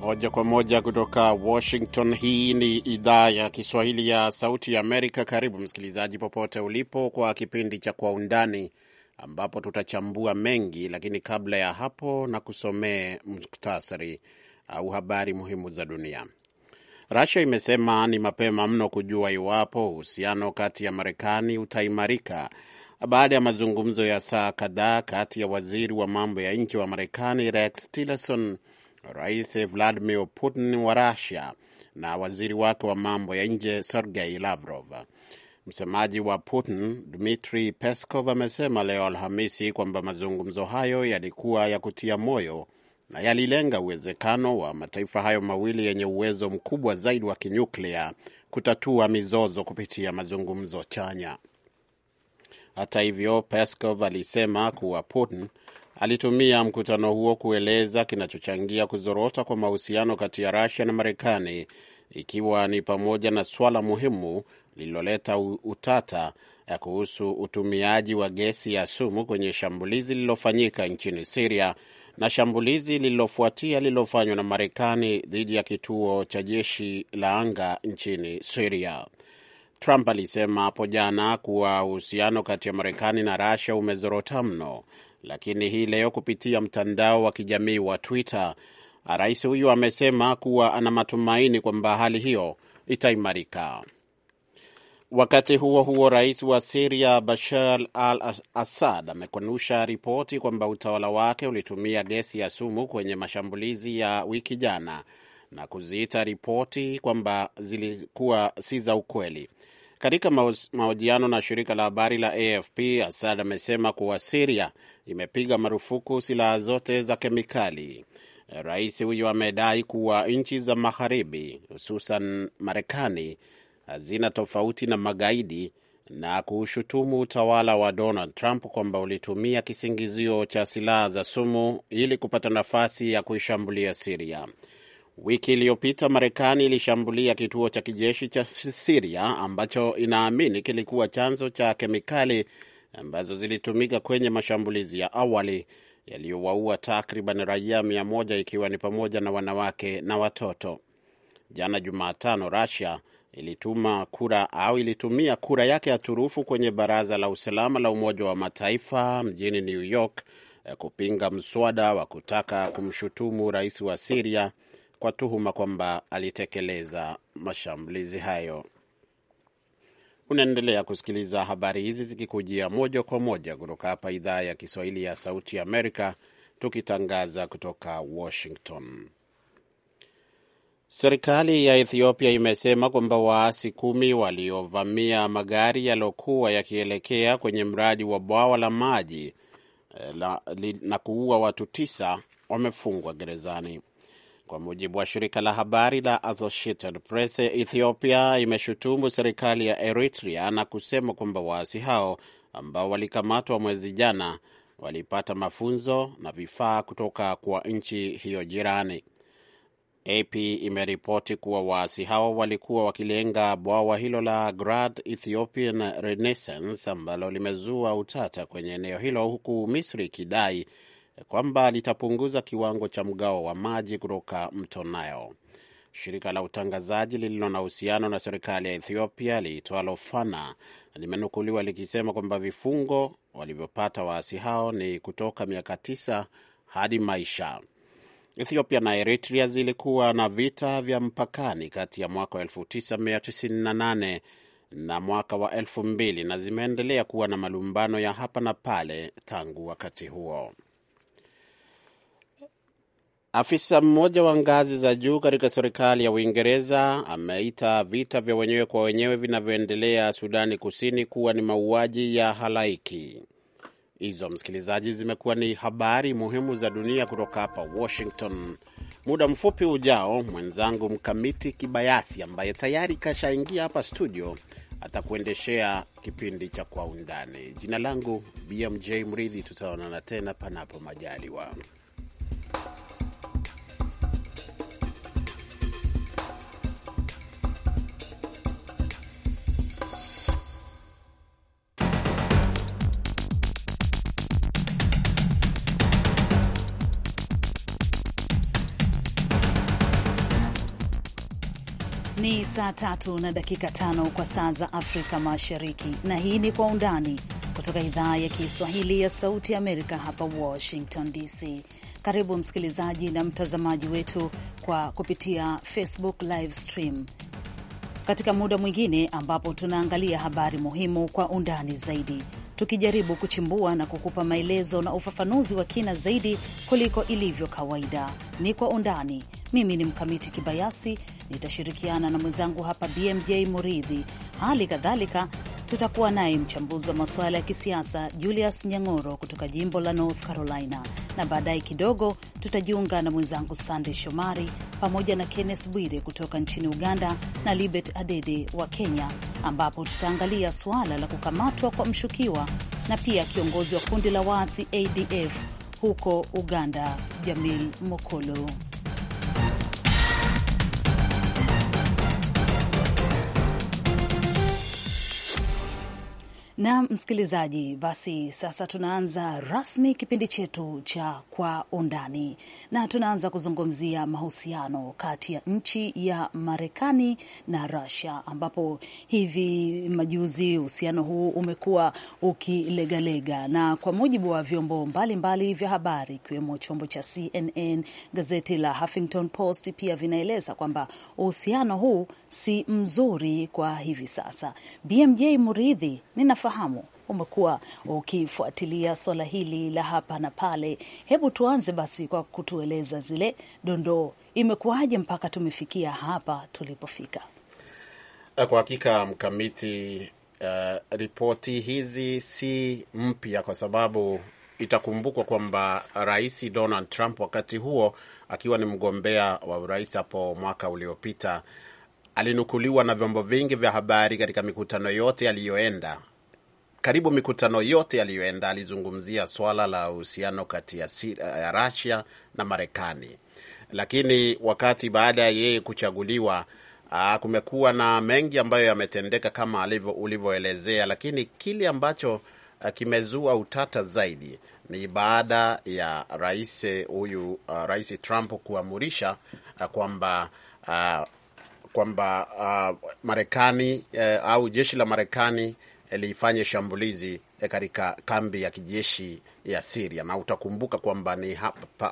Moja kwa moja kutoka Washington. Hii ni idhaa ya Kiswahili ya Sauti ya Amerika. Karibu msikilizaji, popote ulipo, kwa kipindi cha Kwa Undani ambapo tutachambua mengi, lakini kabla ya hapo na kusomee muktasari au habari muhimu za dunia. rasia imesema ni mapema mno kujua iwapo uhusiano kati ya Marekani utaimarika baada ya mazungumzo ya saa kadhaa kati ya waziri wa mambo ya nje wa Marekani Rex Tillerson, Rais Vladimir Putin wa Russia na waziri wake wa mambo ya nje Sergei Lavrov. Msemaji wa Putin Dmitri Peskov amesema leo Alhamisi kwamba mazungumzo hayo yalikuwa ya kutia moyo na yalilenga uwezekano wa mataifa hayo mawili yenye uwezo mkubwa zaidi wa kinyuklia kutatua mizozo kupitia mazungumzo chanya. Hata hivyo, Peskov alisema kuwa Putin alitumia mkutano huo kueleza kinachochangia kuzorota kwa mahusiano kati ya rasia na Marekani, ikiwa ni pamoja na swala muhimu lililoleta utata ya eh, kuhusu utumiaji wa gesi ya sumu kwenye shambulizi lililofanyika nchini Siria na shambulizi lililofuatia lililofanywa na Marekani dhidi ya kituo cha jeshi la anga nchini Siria. Trump alisema hapo jana kuwa uhusiano kati ya Marekani na rasia umezorota mno, lakini hii leo kupitia mtandao wa kijamii wa Twitter, rais huyu amesema kuwa ana matumaini kwamba hali hiyo itaimarika. Wakati huo huo, rais wa Siria Bashar al Assad amekanusha ripoti kwamba utawala wake ulitumia gesi ya sumu kwenye mashambulizi ya wiki jana na kuziita ripoti kwamba zilikuwa si za ukweli. Katika mahojiano na shirika la habari la AFP, Assad amesema kuwa Siria imepiga marufuku silaha zote za kemikali. Rais huyo amedai kuwa nchi za Magharibi, hususan Marekani, hazina tofauti na magaidi na kuushutumu utawala wa Donald Trump kwamba ulitumia kisingizio cha silaha za sumu ili kupata nafasi ya kuishambulia Siria. Wiki iliyopita Marekani ilishambulia kituo cha kijeshi cha Siria ambacho inaamini kilikuwa chanzo cha kemikali ambazo zilitumika kwenye mashambulizi ya awali yaliyowaua takriban raia mia moja ikiwa ni pamoja na wanawake na watoto. Jana Jumatano, rusia ilituma kura au ilitumia kura yake ya turufu kwenye Baraza la Usalama la Umoja wa Mataifa mjini New York eh, kupinga mswada wa kutaka kumshutumu rais wa Siria kwa tuhuma kwamba alitekeleza mashambulizi hayo. Unaendelea kusikiliza habari hizi zikikujia moja kwa moja kutoka hapa idhaa ya Kiswahili ya Sauti ya Amerika, tukitangaza kutoka Washington. Serikali ya Ethiopia imesema kwamba waasi kumi waliovamia magari yaliyokuwa yakielekea kwenye mradi wa bwawa la maji eh, na kuua watu tisa wamefungwa gerezani. Kwa mujibu wa shirika la habari la Associated Press, Ethiopia imeshutumu serikali ya Eritrea na kusema kwamba waasi hao ambao walikamatwa mwezi jana walipata mafunzo na vifaa kutoka kwa nchi hiyo jirani. AP imeripoti kuwa waasi hao walikuwa wakilenga bwawa hilo la Grand Ethiopian Renaissance ambalo limezua utata kwenye eneo hilo, huku Misri ikidai kwamba litapunguza kiwango cha mgao wa maji kutoka mto Nile. Shirika la utangazaji lililo na uhusiano na serikali ya Ethiopia liitwalo Fana limenukuliwa likisema kwamba vifungo walivyopata waasi hao ni kutoka miaka tisa hadi maisha. Ethiopia na Eritrea zilikuwa na vita vya mpakani kati ya mwaka wa 1998 na mwaka wa 2000 na zimeendelea kuwa na malumbano ya hapa na pale tangu wakati huo. Afisa mmoja wa ngazi za juu katika serikali ya Uingereza ameita vita vya wenyewe kwa wenyewe vinavyoendelea Sudani Kusini kuwa ni mauaji ya halaiki. Hizo msikilizaji, zimekuwa ni habari muhimu za dunia kutoka hapa Washington. Muda mfupi ujao, mwenzangu Mkamiti Kibayasi ambaye tayari kashaingia hapa studio atakuendeshea kipindi cha Kwa Undani. Jina langu BMJ Mridhi, tutaonana tena panapo majaliwa. saa tatu na dakika tano kwa saa za Afrika Mashariki, na hii ni Kwa Undani kutoka idhaa ya Kiswahili ya Sauti ya Amerika hapa Washington DC. Karibu msikilizaji na mtazamaji wetu kwa kupitia Facebook live stream katika muda mwingine ambapo tunaangalia habari muhimu kwa undani zaidi, tukijaribu kuchimbua na kukupa maelezo na ufafanuzi wa kina zaidi kuliko ilivyo kawaida. Ni Kwa Undani. Mimi ni Mkamiti Kibayasi, nitashirikiana na mwenzangu hapa BMJ Muridhi. Hali kadhalika tutakuwa naye mchambuzi wa masuala ya kisiasa Julius Nyang'oro kutoka jimbo la North Carolina, na baadaye kidogo tutajiunga na mwenzangu Sandey Shomari pamoja na Kenneth Bwire kutoka nchini Uganda na Libet Adede wa Kenya, ambapo tutaangalia suala la kukamatwa kwa mshukiwa na pia kiongozi wa kundi la waasi ADF huko Uganda, Jamil Mokolo. Na msikilizaji, basi sasa tunaanza rasmi kipindi chetu cha Kwa Undani, na tunaanza kuzungumzia mahusiano kati ya nchi ya Marekani na Russia, ambapo hivi majuzi uhusiano huu umekuwa ukilegalega, na kwa mujibu wa vyombo mbalimbali vya habari ikiwemo chombo cha CNN, gazeti la Huffington Post pia vinaeleza kwamba uhusiano huu si mzuri kwa hivi sasa. BMJ Muridhi, ninafahamu tunafahamu umekuwa ukifuatilia swala hili la hapa na pale. Hebu tuanze basi kwa kutueleza zile dondoo, imekuwaje mpaka tumefikia hapa tulipofika? Eh, kwa hakika mkamiti, uh, ripoti hizi si mpya kwa sababu itakumbukwa kwamba Rais Donald Trump wakati huo akiwa ni mgombea wa urais hapo mwaka uliopita alinukuliwa na vyombo vingi vya habari katika mikutano yote aliyoenda karibu mikutano yote aliyoenda alizungumzia swala la uhusiano kati ya ya Russia na Marekani, lakini wakati baada ya yeye kuchaguliwa ah, kumekuwa na mengi ambayo yametendeka kama ulivyoelezea, lakini kile ambacho ah, kimezua utata zaidi ni baada ya rais eh, huyu uh, rais Trump kuamurisha uh, kwamba uh, kwamba uh, Marekani uh, au jeshi la Marekani lifanye shambulizi eh, katika kambi ya kijeshi ya Siria, na utakumbuka kwamba ni,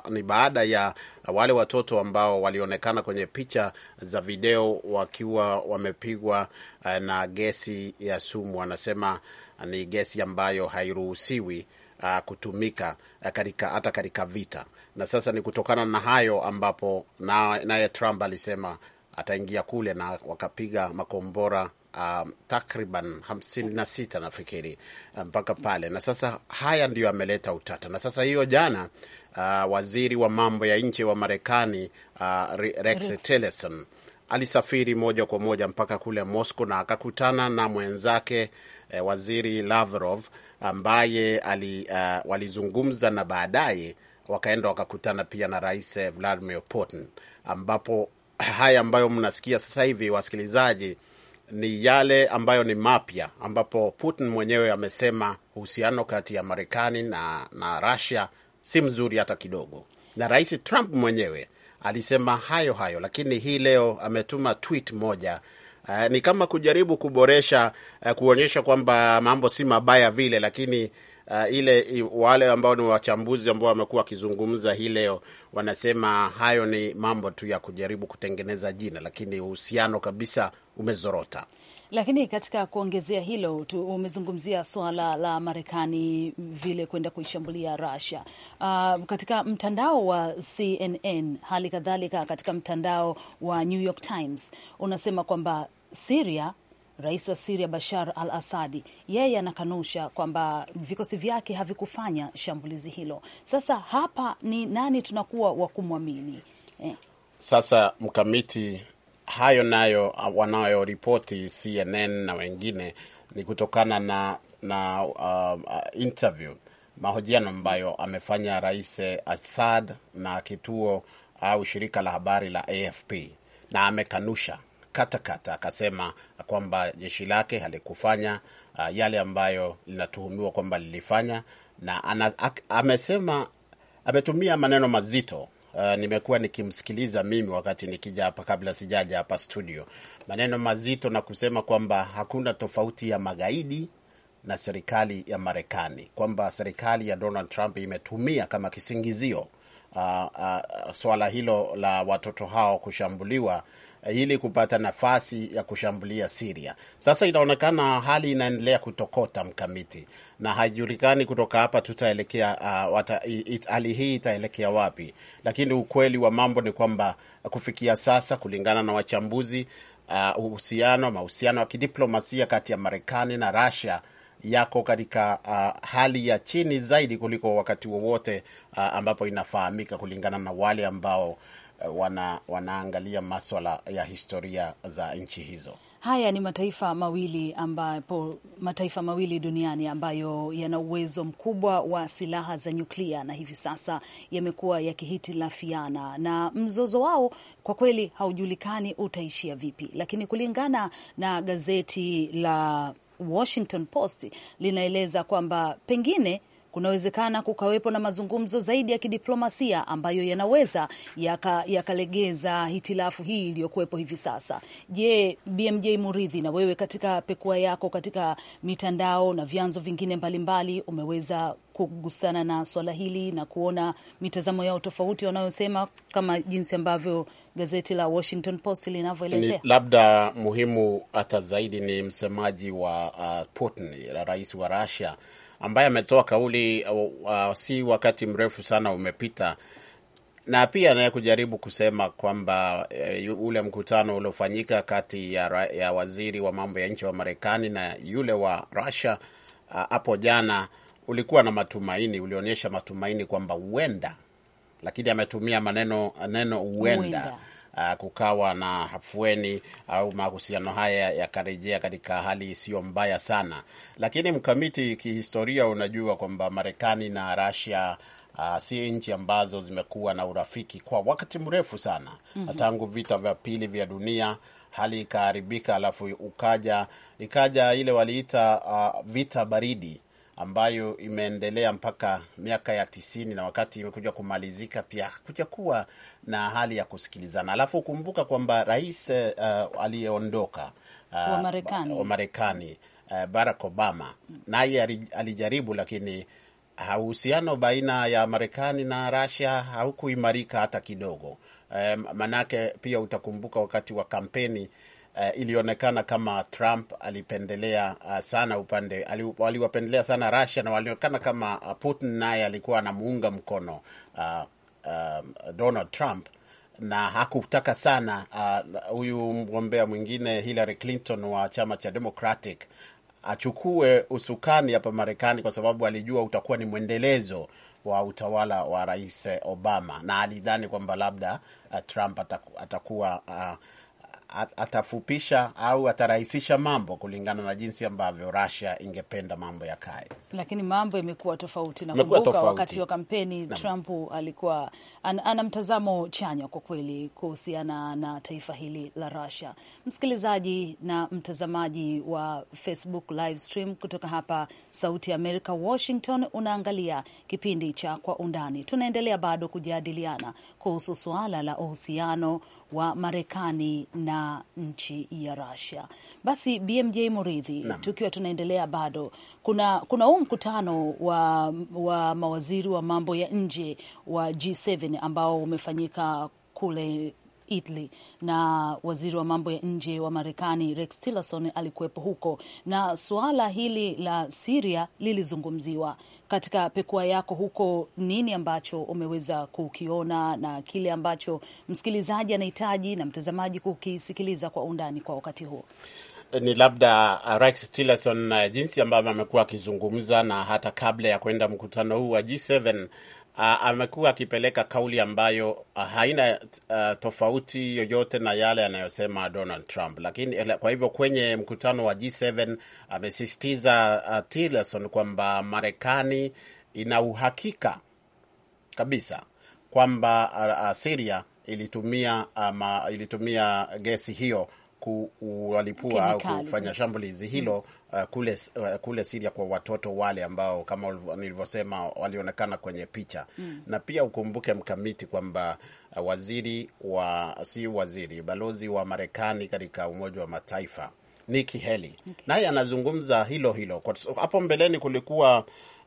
ni baada ya wale watoto ambao walionekana kwenye picha za video wakiwa wamepigwa eh, na gesi ya sumu, wanasema ni gesi ambayo hairuhusiwi eh, kutumika katika hata katika vita. Na sasa ni kutokana na hayo ambapo naye na Trump alisema ataingia kule na wakapiga makombora um, takriban 56 na nafikiri um, mpaka um, pale na sasa haya ndiyo ameleta utata na sasa hiyo jana uh, waziri wa mambo ya nje wa Marekani uh, Rex Tillerson alisafiri moja kwa moja mpaka kule Moscow na akakutana na mwenzake eh, waziri Lavrov ambaye ali, uh, walizungumza na baadaye wakaenda wakakutana pia na rais eh, Vladimir Putin ambapo haya ambayo mnasikia sasa hivi wasikilizaji ni yale ambayo ni mapya, ambapo Putin mwenyewe amesema uhusiano kati ya Marekani na, na Russia si mzuri hata kidogo, na Rais Trump mwenyewe alisema hayo hayo, lakini hii leo ametuma tweet moja Uh, ni kama kujaribu kuboresha uh, kuonyesha kwamba mambo si mabaya vile, lakini uh, ile wale ambao ni wachambuzi ambao wamekuwa wakizungumza hii leo wanasema hayo ni mambo tu ya kujaribu kutengeneza jina, lakini uhusiano kabisa umezorota. Lakini katika kuongezea hilo tu, umezungumzia swala la Marekani vile kwenda kuishambulia Russia. Uh, katika mtandao wa CNN hali kadhalika katika mtandao wa New York Times unasema kwamba siria Rais wa Siria Bashar al Asadi yeye anakanusha kwamba vikosi vyake havikufanya shambulizi hilo. Sasa hapa ni nani tunakuwa wa kumwamini eh? Sasa mkamiti hayo nayo uh, wanayoripoti CNN na wengine ni kutokana na, na uh, uh interview mahojiano ambayo amefanya Rais uh, Assad na kituo au uh, shirika la habari la AFP na amekanusha katakata, akasema kata, kwamba jeshi lake halikufanya uh, yale ambayo linatuhumiwa kwamba lilifanya, na ana, amesema ametumia maneno mazito uh, nimekuwa nikimsikiliza mimi wakati nikija hapa, kabla sijaja hapa studio, maneno mazito na kusema kwamba hakuna tofauti ya magaidi na serikali ya Marekani, kwamba serikali ya Donald Trump imetumia kama kisingizio uh, uh, swala hilo la watoto hao kushambuliwa Eh, ili kupata nafasi ya kushambulia Siria. Sasa inaonekana hali inaendelea kutokota mkamiti, na haijulikani kutoka hapa tutaelekea uh, hali hii itaelekea wapi, lakini ukweli wa mambo ni kwamba kufikia sasa, kulingana na wachambuzi, uh, uhusiano mahusiano ya kidiplomasia kati ya Marekani na Russia yako katika uh, hali ya chini zaidi kuliko wakati wowote uh, ambapo inafahamika kulingana na wale ambao Eh, wana, wanaangalia maswala ya historia za nchi hizo. Haya ni mataifa mawili ambapo mataifa mawili duniani ambayo yana uwezo mkubwa wa silaha za nyuklia na hivi sasa yamekuwa yakihitilafiana, na mzozo wao kwa kweli haujulikani utaishia vipi, lakini kulingana na gazeti la Washington Post linaeleza kwamba pengine kunawezekana kukawepo na mazungumzo zaidi ya kidiplomasia ambayo yanaweza yakalegeza yaka hitilafu hii iliyokuwepo hivi sasa. Je, BMJ Muridhi, na wewe katika pekua yako katika mitandao na vyanzo vingine mbalimbali mbali, umeweza kugusana na swala hili na kuona mitazamo yao tofauti wanayosema kama jinsi ambavyo gazeti la Washington Post linavyoelezea. Labda muhimu hata zaidi ni msemaji wa uh, Putin, rais wa Russia ambaye ametoa kauli uh, uh, si wakati mrefu sana umepita, na pia naye kujaribu kusema kwamba uh, ule mkutano uliofanyika kati ya, ya waziri wa mambo ya nje wa Marekani na yule wa Russia uh, hapo uh, jana ulikuwa na matumaini, ulionyesha matumaini kwamba huenda, lakini ametumia maneno neno huenda uh, kukawa na hafueni au mahusiano haya yakarejea katika hali isiyo mbaya sana. Lakini mkamiti, kihistoria, unajua kwamba Marekani na Russia Uh, si nchi ambazo zimekuwa na urafiki kwa wakati mrefu sana mm -hmm. Tangu vita vya pili vya dunia hali ikaharibika, alafu ukaja ikaja ile waliita uh, vita baridi ambayo imeendelea mpaka miaka ya tisini, na wakati imekuja kumalizika pia kuja kuwa na hali ya kusikilizana. Alafu kumbuka kwamba rais uh, aliyeondoka uh, wa Marekani uh, Barack Obama naye alijaribu, lakini uhusiano baina ya Marekani na Russia haukuimarika hata kidogo. Um, manake pia utakumbuka wakati wa kampeni uh, ilionekana kama Trump alipendelea uh, sana upande waliwapendelea sana Russia na walionekana kama uh, Putin naye alikuwa anamuunga mkono uh, uh, Donald Trump na hakutaka sana huyu uh, mgombea mwingine Hillary Clinton wa chama cha Democratic achukue usukani hapa Marekani kwa sababu alijua utakuwa ni mwendelezo wa utawala wa Rais Obama na alidhani kwamba labda uh, Trump atakuwa uh, atafupisha au atarahisisha mambo kulingana na jinsi ambavyo Russia ingependa mambo ya kae, lakini mambo yamekuwa tofauti. na kumbuka wakati wa kampeni na Trump alikuwa an, ana mtazamo chanya kwa kweli kuhusiana na taifa hili la Russia. Msikilizaji na mtazamaji wa Facebook live stream kutoka hapa Sauti ya Amerika Washington, unaangalia kipindi cha Kwa Undani. Tunaendelea bado kujadiliana kuhusu suala la uhusiano wa Marekani na nchi ya Russia. Basi BMJ Muridhi, tukiwa tunaendelea bado, kuna kuna huu mkutano wa, wa mawaziri wa mambo ya nje wa G7 ambao umefanyika kule Italy na waziri wa mambo ya nje wa Marekani Rex Tillerson alikuwepo huko, na suala hili la siria lilizungumziwa katika pekua yako huko, nini ambacho umeweza kukiona na kile ambacho msikilizaji anahitaji na mtazamaji kukisikiliza kwa undani kwa wakati huo? Ni labda uh, Rex Tillerson, uh, jinsi ambavyo amekuwa akizungumza na hata kabla ya kwenda mkutano huu wa G7 uh, amekuwa akipeleka kauli ambayo uh, haina uh, tofauti yoyote na yale yanayosema Donald Trump. Lakini kwa hivyo kwenye mkutano wa G7 amesisitiza uh, uh, Tillerson kwamba Marekani ina uhakika kabisa kwamba uh, uh, Syria ilitumia ama ilitumia gesi hiyo kuwalipua au kufanya shambulizi hilo mm uh, kule, uh, kule Siria kwa watoto wale ambao kama nilivyosema walionekana kwenye picha mm. Na pia ukumbuke mkamiti kwamba uh, waziri wa si waziri balozi wa Marekani katika Umoja wa Mataifa Nikki Haley okay. Naye anazungumza hilo hilo hapo mbeleni kulikuwa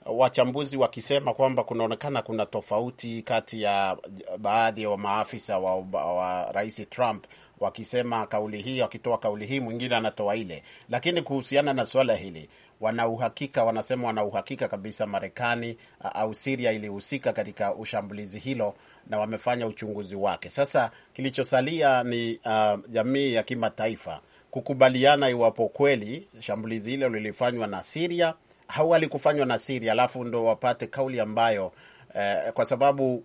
uh, wachambuzi wakisema kwamba kunaonekana kuna tofauti kati ya uh, baadhi ya wa maafisa wa, wa rais Trump wakisema kauli hii, wakitoa kauli hii, mwingine anatoa ile. Lakini kuhusiana na suala hili wanauhakika wanasema, wanauhakika kabisa Marekani au Siria ilihusika katika ushambulizi hilo na wamefanya uchunguzi wake. Sasa kilichosalia ni uh, jamii ya kimataifa kukubaliana iwapo kweli shambulizi hilo lilifanywa na Siria au alikufanywa na Siria, alafu ndo wapate kauli ambayo eh, kwa sababu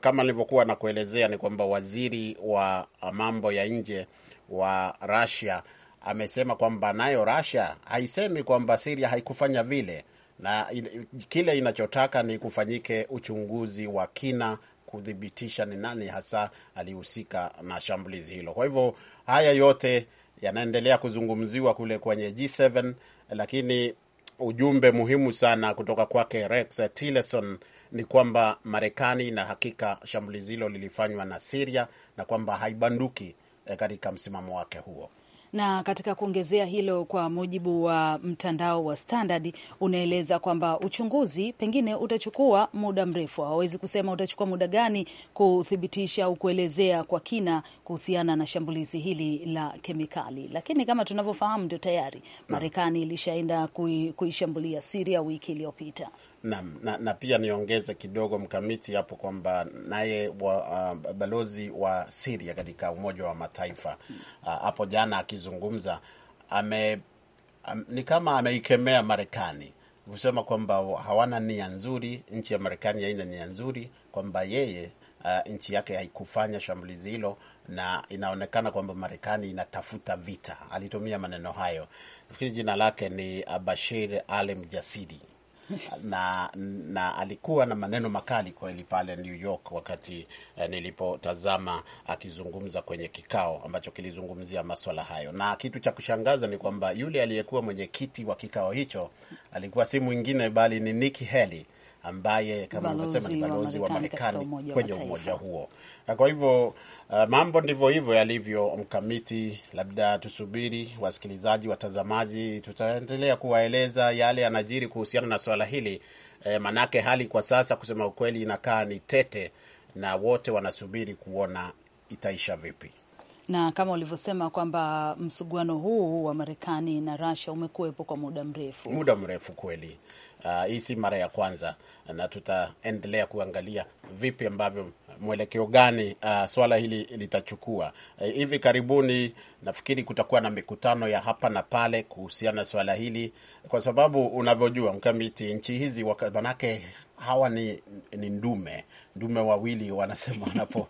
kama nilivyokuwa nakuelezea ni kwamba waziri wa mambo ya nje wa Russia amesema kwamba nayo Russia haisemi kwamba Syria haikufanya vile, na kile inachotaka ni kufanyike uchunguzi wa kina kuthibitisha ni nani hasa alihusika na shambulizi hilo. Kwa hivyo haya yote yanaendelea kuzungumziwa kule kwenye G7, lakini ujumbe muhimu sana kutoka kwake Rex Tillerson ni kwamba Marekani ina hakika shambulizi hilo lilifanywa na Siria na kwamba haibanduki eh, katika msimamo wake huo na katika kuongezea hilo, kwa mujibu wa mtandao wa Standard unaeleza kwamba uchunguzi pengine utachukua muda mrefu. Hawawezi kusema utachukua muda gani kuthibitisha au kuelezea kwa kina kuhusiana na shambulizi hili la kemikali, lakini kama tunavyofahamu, ndio tayari Marekani ilishaenda kuishambulia Siria wiki iliyopita na, na, na pia niongeze kidogo mkamiti hapo kwamba naye wa, uh, balozi wa Syria katika Umoja wa Mataifa uh, hapo uh, jana akizungumza ame, um, ni kama ameikemea Marekani kusema kwamba hawana nia nzuri, nchi ya Marekani haina nia nzuri, kwamba yeye uh, nchi yake haikufanya shambulizi hilo na inaonekana kwamba Marekani inatafuta vita. Alitumia maneno hayo, nafikiri jina lake ni uh, Bashir Al Mjasidi. na, na alikuwa na maneno makali kweli pale New York wakati eh, nilipotazama akizungumza kwenye kikao ambacho kilizungumzia maswala hayo, na kitu cha kushangaza ni kwamba yule aliyekuwa mwenyekiti wa kikao hicho alikuwa si mwingine bali ni Nikki Haley ambaye kama alivyosema ni balozi wa Marekani kwenye umoja huo. Kwa hivyo Uh, mambo ndivyo hivyo yalivyo mkamiti. Labda tusubiri, wasikilizaji, watazamaji, tutaendelea kuwaeleza yale yanajiri kuhusiana na swala hili e, manake hali kwa sasa kusema ukweli inakaa ni tete, na wote wanasubiri kuona itaisha vipi na kama ulivyosema kwamba msuguano huu wa Marekani na rasia umekuwepo kwa muda mrefu, muda mrefu kweli. Uh, hii si mara ya kwanza, na tutaendelea kuangalia vipi ambavyo mwelekeo gani uh, swala hili litachukua. E, hivi karibuni nafikiri kutakuwa na mikutano ya hapa na pale kuhusiana na swala hili, kwa sababu unavyojua mkamiti, nchi hizi manake hawa ni, ni ndume ndume wawili wanasema, wanapo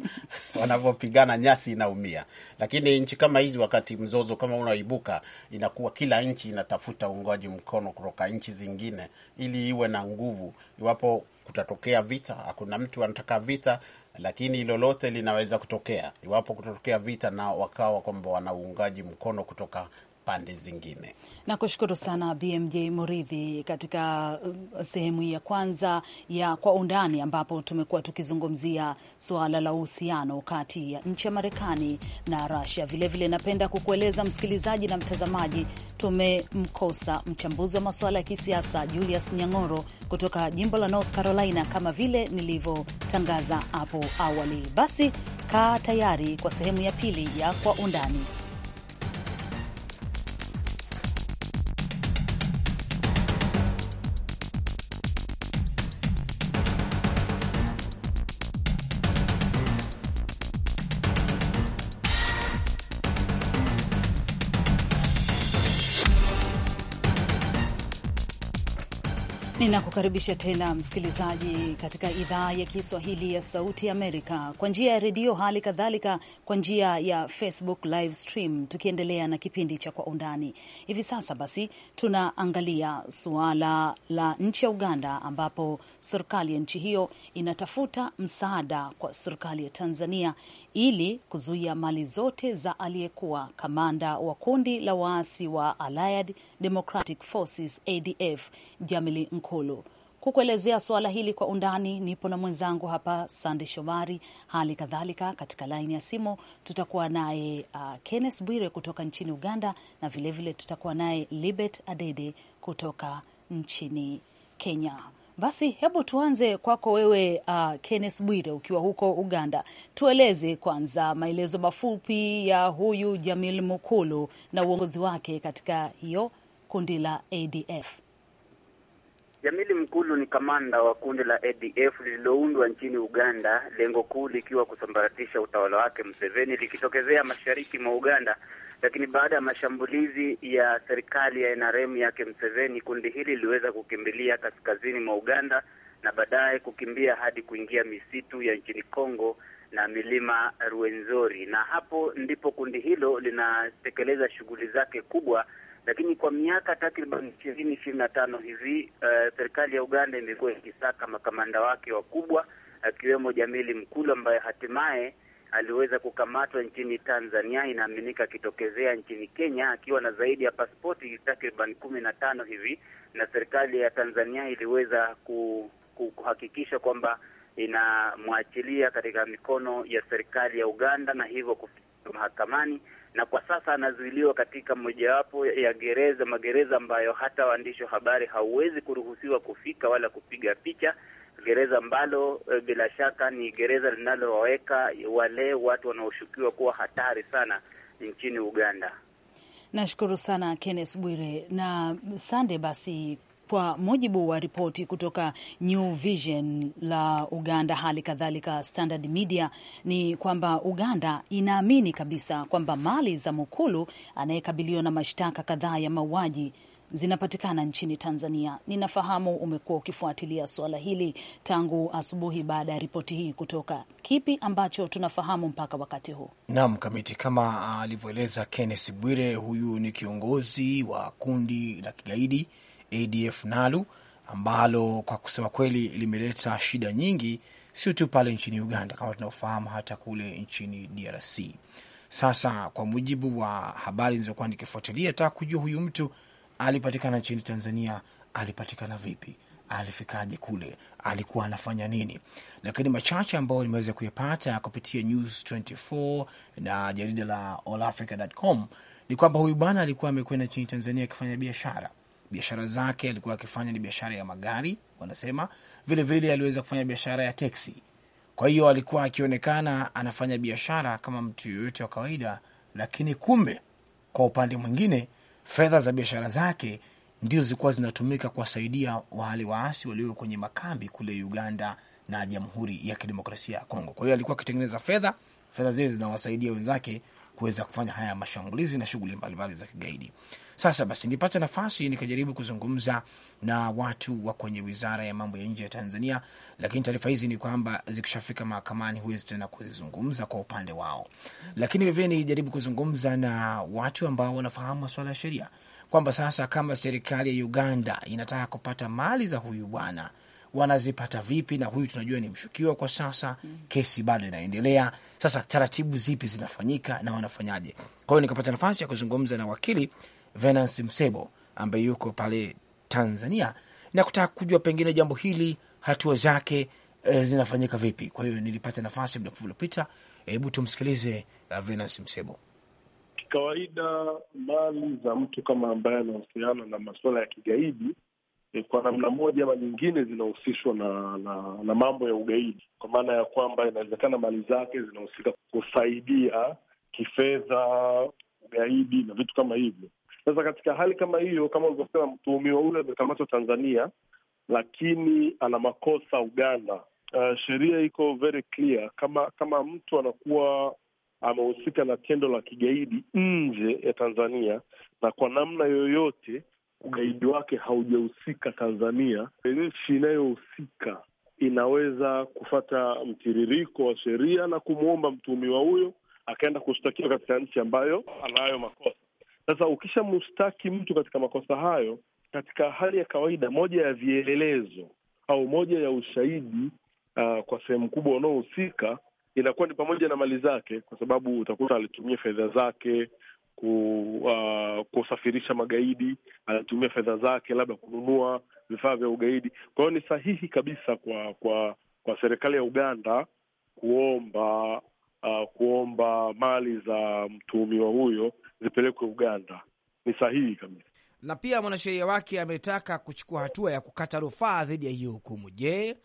wanapopigana nyasi inaumia. Lakini nchi kama hizi, wakati mzozo kama unaibuka, inakuwa kila nchi inatafuta uungwaji mkono kutoka nchi zingine ili iwe na nguvu. Iwapo kutatokea vita, hakuna mtu anataka vita, lakini lolote linaweza kutokea iwapo kutotokea vita na wakawa kwamba wana uungaji mkono kutoka pande zingine. Nakushukuru sana BMJ Muridhi katika uh, sehemu ya kwanza ya Kwa Undani, ambapo tumekuwa tukizungumzia suala la uhusiano kati ya nchi ya Marekani na Rasia. Vilevile napenda kukueleza msikilizaji na mtazamaji, tumemkosa mchambuzi wa masuala ya kisiasa Julius Nyang'oro kutoka jimbo la North Carolina kama vile nilivyotangaza hapo awali. Basi kaa tayari kwa sehemu ya pili ya Kwa Undani. Ninakukaribisha tena msikilizaji katika idhaa ya Kiswahili ya Sauti Amerika kwa njia ya redio, hali kadhalika kwa njia ya Facebook live stream, tukiendelea na kipindi cha Kwa Undani hivi sasa. Basi tunaangalia suala la nchi ya Uganda, ambapo serikali ya nchi hiyo inatafuta msaada kwa serikali ya Tanzania ili kuzuia mali zote za aliyekuwa kamanda wa kundi la waasi wa Allied Democratic Forces ADF Jamili Nko Ikulu. Kukuelezea suala hili kwa undani, nipo na mwenzangu hapa Sande Shomari. Hali kadhalika katika laini ya simu tutakuwa naye uh, Kenneth Bwire kutoka nchini Uganda, na vilevile vile tutakuwa naye Libet Adede kutoka nchini Kenya. Basi hebu tuanze kwako wewe, uh, Kenneth Bwire, ukiwa huko Uganda, tueleze kwanza maelezo mafupi ya huyu Jamil Mukulu na uongozi wake katika hiyo kundi la ADF. Jamili Mkulu ni kamanda wa kundi la ADF lililoundwa nchini Uganda, lengo kuu likiwa kusambaratisha utawala wake Museveni, likitokezea mashariki mwa Uganda. Lakini baada ya mashambulizi ya serikali ya NRM yake Museveni, kundi hili liliweza kukimbilia kaskazini mwa Uganda na baadaye kukimbia hadi kuingia misitu ya nchini Kongo na milima Ruwenzori, na hapo ndipo kundi hilo linatekeleza shughuli zake kubwa lakini kwa miaka takriban ishirini ishirini na tano hivi eh, serikali uh, ya Uganda imekuwa ikisaka makamanda wake wakubwa akiwemo Jamili Mkulu ambaye hatimaye aliweza kukamatwa nchini Tanzania, inaaminika akitokezea nchini Kenya akiwa na zaidi ya paspoti takriban kumi na tano hivi, na serikali ya Tanzania iliweza kuhakikisha kwamba inamwachilia katika mikono ya serikali ya Uganda na hivyo kufika mahakamani na kwa sasa anazuiliwa katika mojawapo ya gereza, magereza ambayo hata waandishi wa habari hauwezi kuruhusiwa kufika wala kupiga picha, gereza ambalo e, bila shaka ni gereza linalowaweka wale watu wanaoshukiwa kuwa hatari sana nchini Uganda. Nashukuru sana Kenneth Bwire na Sande. Basi kwa mujibu wa ripoti kutoka New Vision la Uganda, hali kadhalika Standard Media, ni kwamba Uganda inaamini kabisa kwamba mali za Mukulu anayekabiliwa na mashtaka kadhaa ya mauaji zinapatikana nchini Tanzania. Ninafahamu umekuwa ukifuatilia suala hili tangu asubuhi baada ya ripoti hii kutoka. Kipi ambacho tunafahamu mpaka wakati huu? Naam, Kamiti, kama ah, alivyoeleza Kenneth Bwire, huyu ni kiongozi wa kundi la kigaidi ADF NALU ambalo kwa kusema kweli limeleta shida nyingi, sio tu pale nchini Uganda kama tunaofahamu, hata kule nchini DRC. Sasa kwa mujibu wa habari nilizokuwa nikifuatilia, taka kujua huyu mtu alipatikana nchini Tanzania, alipatikana vipi? Alifikaje kule? Alikuwa anafanya nini? Lakini machache ambayo nimeweza kuyapata kupitia News 24 na jarida la allafrica.com ni kwamba huyu bwana alikuwa amekwenda nchini Tanzania akifanya biashara biashara zake alikuwa akifanya ni biashara ya magari wanasema, vilevile aliweza kufanya biashara ya teksi. Kwa hiyo alikuwa akionekana anafanya biashara kama mtu yoyote wa kawaida, lakini kumbe, kwa upande mwingine, fedha za biashara zake ndizo zilikuwa zinatumika kuwasaidia wale waasi walio kwenye makambi kule Uganda na Jamhuri ya Kidemokrasia ya Kongo. Kwa hiyo alikuwa akitengeneza fedha, fedha zile zinawasaidia wenzake kuweza kufanya haya mashambulizi na shughuli mbalimbali za kigaidi. Sasa basi, nilipata nafasi nikajaribu kuzungumza na watu wa kwenye wizara ya mambo ya nje ya Tanzania, lakini taarifa hizi ni kwamba zikishafika mahakamani huwezi tena kuzizungumza kwa upande wao. Lakini vilevile nijaribu kuzungumza na watu ambao wanafahamu masuala ya sheria kwamba sasa kama serikali ya Uganda inataka kupata mali za huyu bwana wanazipata vipi? Na huyu tunajua ni mshukiwa kwa sasa, kesi bado inaendelea. Sasa taratibu zipi zinafanyika na wanafanyaje? Kwa hiyo nikapata nafasi ya kuzungumza na wakili Venance Msebo ambaye yuko pale Tanzania na kutaka kujua pengine jambo hili hatua zake e, zinafanyika vipi. Kwa hiyo nilipata nafasi muda mfupi uliopita. Hebu tumsikilize eh, Venance Msebo. Kikawaida, mali za mtu kama ambaye anahusiana na masuala ya kigaidi eh, kwa namna moja ama nyingine zinahusishwa na, na na mambo ya ugaidi, kwa maana ya kwamba inawezekana mali zake zinahusika kusaidia kifedha ugaidi na vitu kama hivyo. Sasa katika hali kama hiyo, kama ulivyosema, mtuhumiwa huyo amekamatwa Tanzania lakini ana makosa Uganda. Uh, sheria iko very clear. Kama kama mtu anakuwa amehusika na tendo la kigaidi nje ya Tanzania na kwa namna yoyote ugaidi wake haujahusika Tanzania, nchi inayohusika inaweza kufata mtiririko wa sheria na kumwomba mtuhumiwa huyo akaenda kushtakiwa katika nchi ambayo anayo makosa. Sasa ukishamshtaki mtu katika makosa hayo, katika hali ya kawaida, moja ya vielelezo au moja ya ushahidi uh, kwa sehemu kubwa unaohusika inakuwa ni pamoja na mali zake, kwa sababu utakuta alitumia fedha zake ku, uh, kusafirisha magaidi, alitumia fedha zake labda kununua vifaa vya ugaidi. Kwa hiyo ni sahihi kabisa kwa kwa kwa serikali ya Uganda kuomba uh, kuomba mali za mtuhumiwa huyo zipelekwe Uganda. Ni sahihi kabisa, na pia mwanasheria wake ametaka kuchukua hatua ya kukata rufaa dhidi ya hiyo hukumu. Je,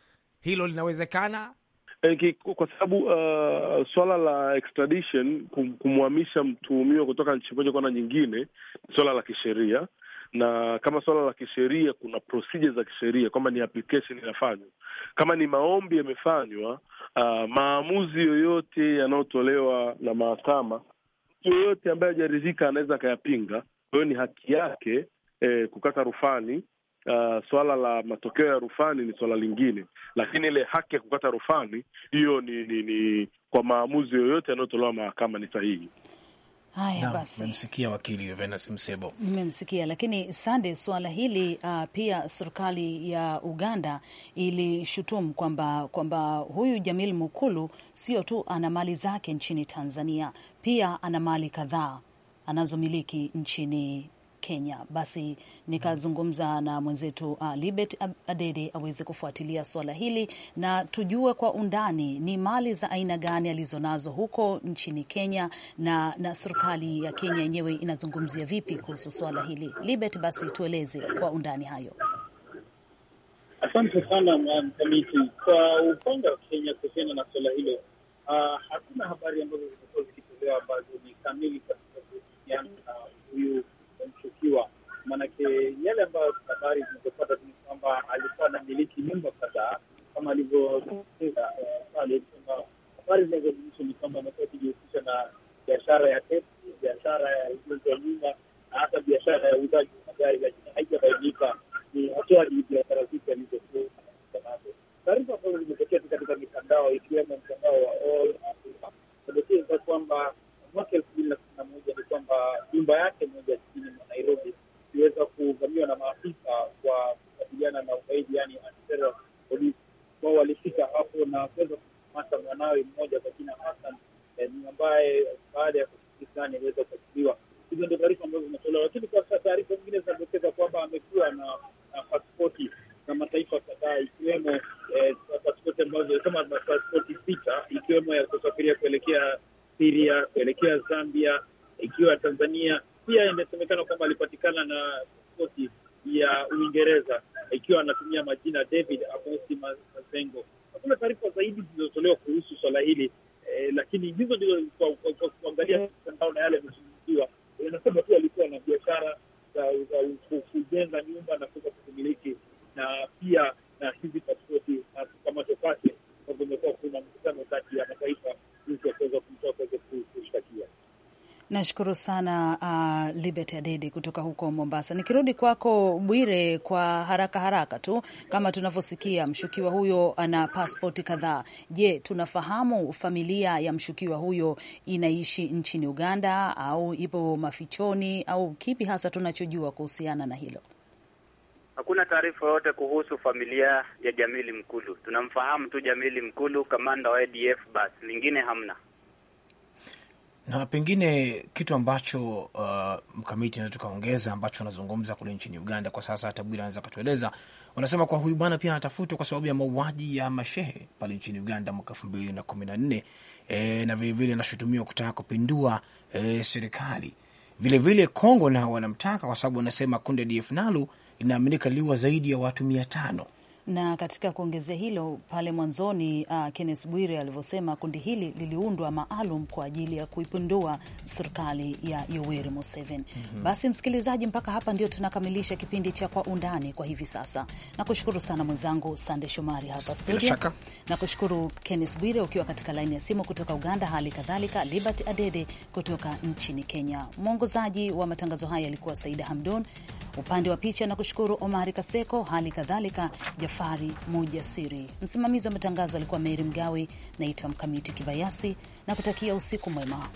hilo linawezekana? E, kwa sababu uh, swala la extradition kumhamisha mtuhumiwa kutoka nchi moja kwenda nyingine ni swala la kisheria, na kama swala la kisheria kuna procedures za kisheria kwamba ni application inafanywa, kama ni maombi yamefanywa, uh, maamuzi yoyote yanayotolewa na mahakama mtu yeyote ambaye hajaridhika anaweza akayapinga. Kwa hiyo ni haki yake eh, kukata rufani. Uh, swala la matokeo ya rufani ni swala lingine, lakini ile haki ya kukata rufani hiyo ni, ni, ni kwa maamuzi yoyote yanayotolewa mahakama ni sahihi. Haya basi, nimemsikia wakili Venus Msebo, nimemsikia lakini sande suala hili uh, pia serikali ya Uganda ilishutumu kwamba kwamba huyu Jamil Mukulu sio tu ana mali zake nchini Tanzania, pia ana mali kadhaa anazomiliki nchini Kenya. Basi mm-hmm. nikazungumza na mwenzetu uh, Libet Adede aweze kufuatilia suala hili na tujue kwa undani ni mali za aina gani alizonazo huko nchini Kenya na, na serikali ya Kenya yenyewe inazungumzia vipi kuhusu suala hili. Libet, basi tueleze kwa undani hayo. Asante sana mkamiti. Kwa upande wa Kenya kuhusiana na suala hilo, uh, hakuna habari ambazo zimekuwa zikitolewa ambazo ni kamili katika kuhusiana na huyu mshukiwa, maanake yale ambayo habari zinazopata ni kwamba alikuwa anamiliki nyumba kadhaa kama alivyosema eh, pale, kwamba habari zinazohusu ni kwamba amekuwa akijihusisha na biashara ya teksi, biashara ya ujenzi wa nyumba na hata biashara ya uuzaji wa magari, lakini haijabainika ni hatoaji biashara zipi alizokuwa nazo. Taarifa ambazo zimetokea tu katika mitandao ikiwemo mtandao wa All Africa, kwamba mwaka elfu mbili na kumi na moja ni kwamba nyumba yake moja jijini Nashukuru sana uh, Libet Adede kutoka huko Mombasa. Nikirudi kwako Bwire, kwa haraka haraka tu, kama tunavyosikia mshukiwa huyo ana paspoti kadhaa. Je, tunafahamu familia ya mshukiwa huyo inaishi nchini Uganda au ipo mafichoni au kipi hasa tunachojua kuhusiana na hilo? Hakuna taarifa yoyote kuhusu familia ya Jamili Mkulu. Tunamfahamu tu Jamili Mkulu, kamanda wa ADF, basi lingine hamna na pengine kitu ambacho uh, mkamiti naeza tukaongeza ambacho anazungumza kule nchini Uganda kwa sasa, hata Bwira anaweza akatueleza. Wanasema kwa huyu bwana pia anatafutwa kwa sababu ya mauaji ya mashehe pale nchini Uganda mwaka elfu mbili na kumi na nne e, na vilevile anashutumiwa kutaka kupindua e, serikali. Vilevile Kongo nao wanamtaka kwa sababu wanasema kundi DF nalo linaaminika liwa zaidi ya watu mia tano na katika kuongezea hilo, pale mwanzoni uh, Kenneth Bwire alivyosema kundi hili liliundwa maalum kwa ajili ya kuipindua serikali ya Yoweri Museveni. mm -hmm. Basi msikilizaji, mpaka hapa ndio tunakamilisha kipindi cha Kwa Undani kwa hivi sasa. Nakushukuru sana mwenzangu Sande Shomari hapa studio, nakushukuru Kenneth Bwire ukiwa katika laini ya simu kutoka Uganda, hali kadhalika Libert Adede kutoka nchini Kenya. Mwongozaji wa matangazo haya alikuwa Saida Hamdon, upande wa picha na kushukuru Omari Kaseko, hali kadhalika safari moja siri. Msimamizi wa matangazo alikuwa Meri Mgawe, naitwa Mkamiti Kibayasi na kutakia usiku mwema.